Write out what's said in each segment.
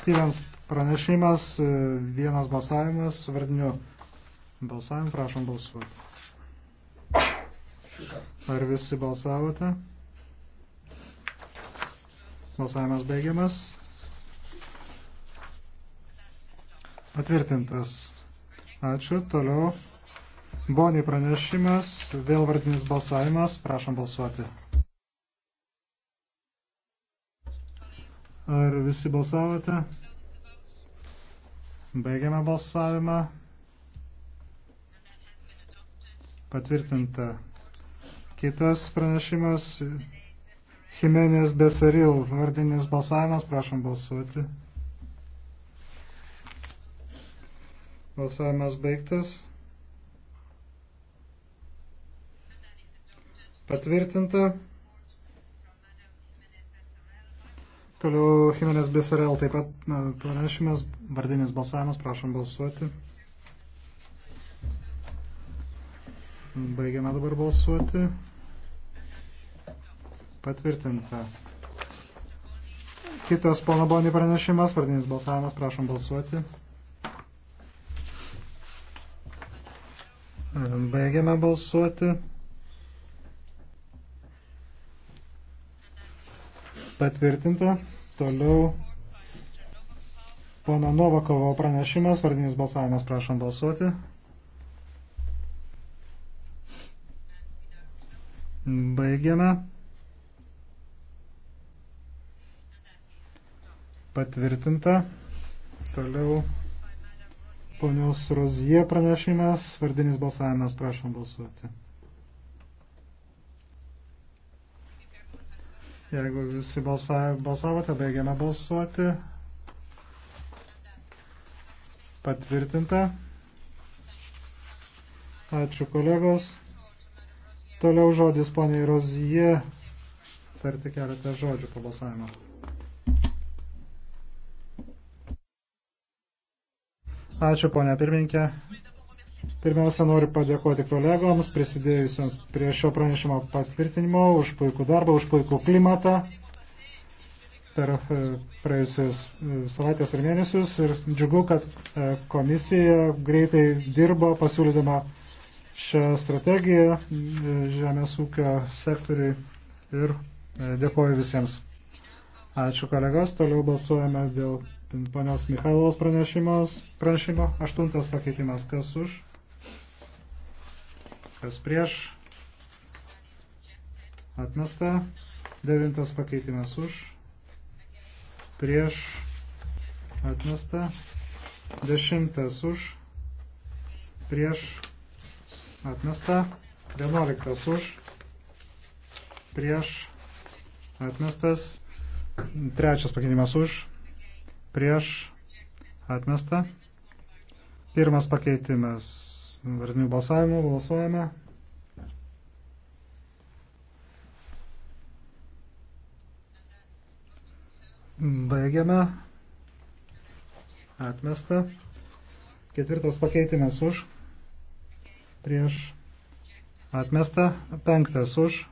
Stevens pranešimas, e, vienas balsavimas, vardiniu balsavimu, prašom balsuoti. Ar visi balsavote? Balsavimas baigiamas. Patvirtintas. Ačiū. Toliau. Boni pranešimas, vėl vardinis balsavimas, prašom balsuoti. Ar visi balsavote? Baigiame balsavimą. Patvirtinta. Kitas pranešimas. Jimenės Besaril vardinis balsavimas. Prašom balsuoti. Balsavimas baigtas. Patvirtinta. Toliau Jimenez Besarel taip pat pranešimas, vardinis balsavimas, prašom balsuoti. Baigiame dabar balsuoti. Patvirtinta. Kitas pono Boni pranešimas, vardinis balsavimas, prašom balsuoti. Baigiame balsuoti. Patvirtinta. Toliau pono Novakovo pranešimas, vardinis balsavimas, prašom balsuoti. Baigiame. Patvirtinta. Toliau ponios Rozie pranešimas, vardinis balsavimas, prašom balsuoti. Jeigu visi balsavote, baigiame balsuoti. Patvirtinta. Ačiū kolegos. Toliau žodis poniai Rozije. Tarti keletą žodžių po balsavimo. Ačiū ponia pirminkė. Pirmiausia, noriu padėkoti kolegoms, prisidėjusiems prie šio pranešimo patvirtinimo, už puikų darbą, už puikų klimatą per e, praėjusius e, savaitės ir mėnesius. Ir džiugu, kad e, komisija greitai dirbo pasiūlydama šią strategiją žemės ūkio sektoriui ir dėkoju visiems. Ačiū kolegos, toliau balsuojame dėl ponios Michailovos pranešimo. Aštuntas pakeitimas, kas už? kas prieš, atmesta, devintas pakeitimas už, prieš, atmesta, dešimtas už, prieš, atmesta, vienuoliktas už, prieš, atmestas, trečias pakeitimas už, prieš, atmesta, pirmas pakeitimas vardinių balsavimų. Balsuojame. Baigiame. Atmesta. Ketvirtas pakeitimas už. Prieš. Atmesta. Penktas už.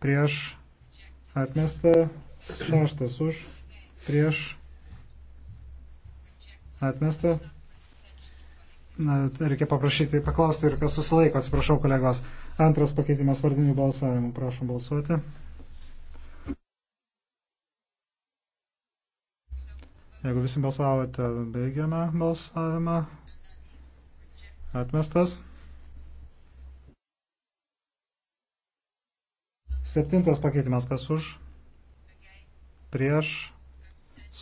Prieš. Atmesta. Šeštas už. Prieš. Atmesta. Tai reikia paprašyti, paklausti ir kas susilaiko, atsiprašau kolegos. Antras pakeitimas vardinių balsavimų, prašom balsuoti. Jeigu visi balsavote, baigiame balsavimą. Atmestas. Septintas pakeitimas, kas už? Prieš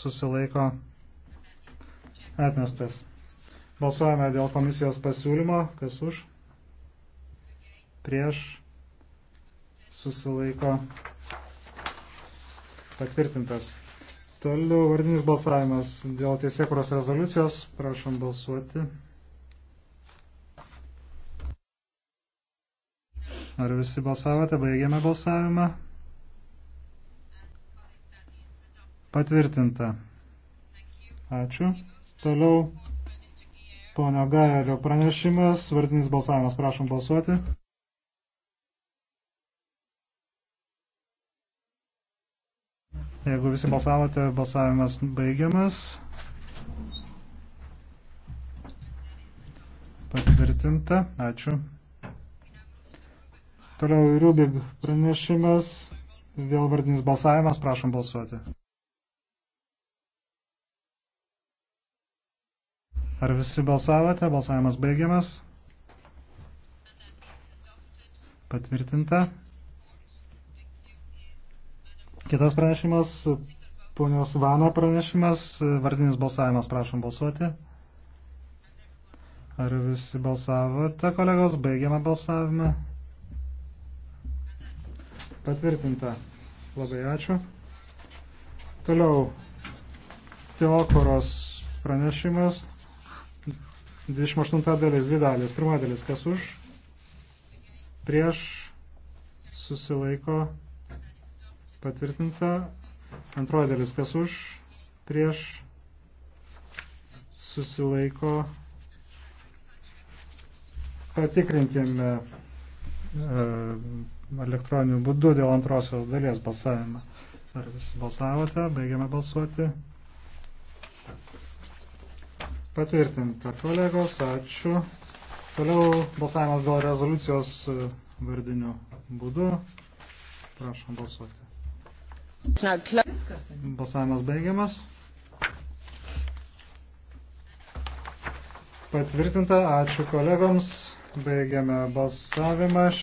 susilaiko atmestas. Balsuojame dėl komisijos pasiūlymo. Kas už? Prieš. Susilaiko. Patvirtintas. Toliau vardinis balsavimas dėl teisėkuros rezoliucijos. Prašom balsuoti. Ar visi balsavote? Baigėme balsavimą. Patvirtinta. Ačiū. Toliau Pono Gairio pranešimas, vardinis balsavimas, prašom balsuoti. Jeigu visi balsavote, balsavimas baigiamas. Patvirtinta, ačiū. Toliau Rubik pranešimas, vėl vardinis balsavimas, prašom balsuoti. Ar visi balsavote? Balsavimas baigiamas. Patvirtinta. Kitas pranešimas, ponios Vano pranešimas, vardinis balsavimas, prašom balsuoti. Ar visi balsavote, kolegos? Baigiamą balsavimą. Patvirtinta. Labai ačiū. Toliau Teokoros pranešimas. 28 dalis, dvi dalis. Pirma dalis, kas už, prieš, susilaiko, patvirtinta. Antroji dalis, kas už, prieš, susilaiko. Patikrinkime e, elektroniniu būdu dėl antrosios dalies balsavimą. Ar visi balsavote? Baigiame balsuoti. Patvirtinta, kolegos, ačiū. Toliau balsavimas dėl rezoliucijos e, vardiniu būdu. Prašom balsuoti. Balsavimas baigiamas. Patvirtinta, ačiū kolegoms. Baigiame balsavimą.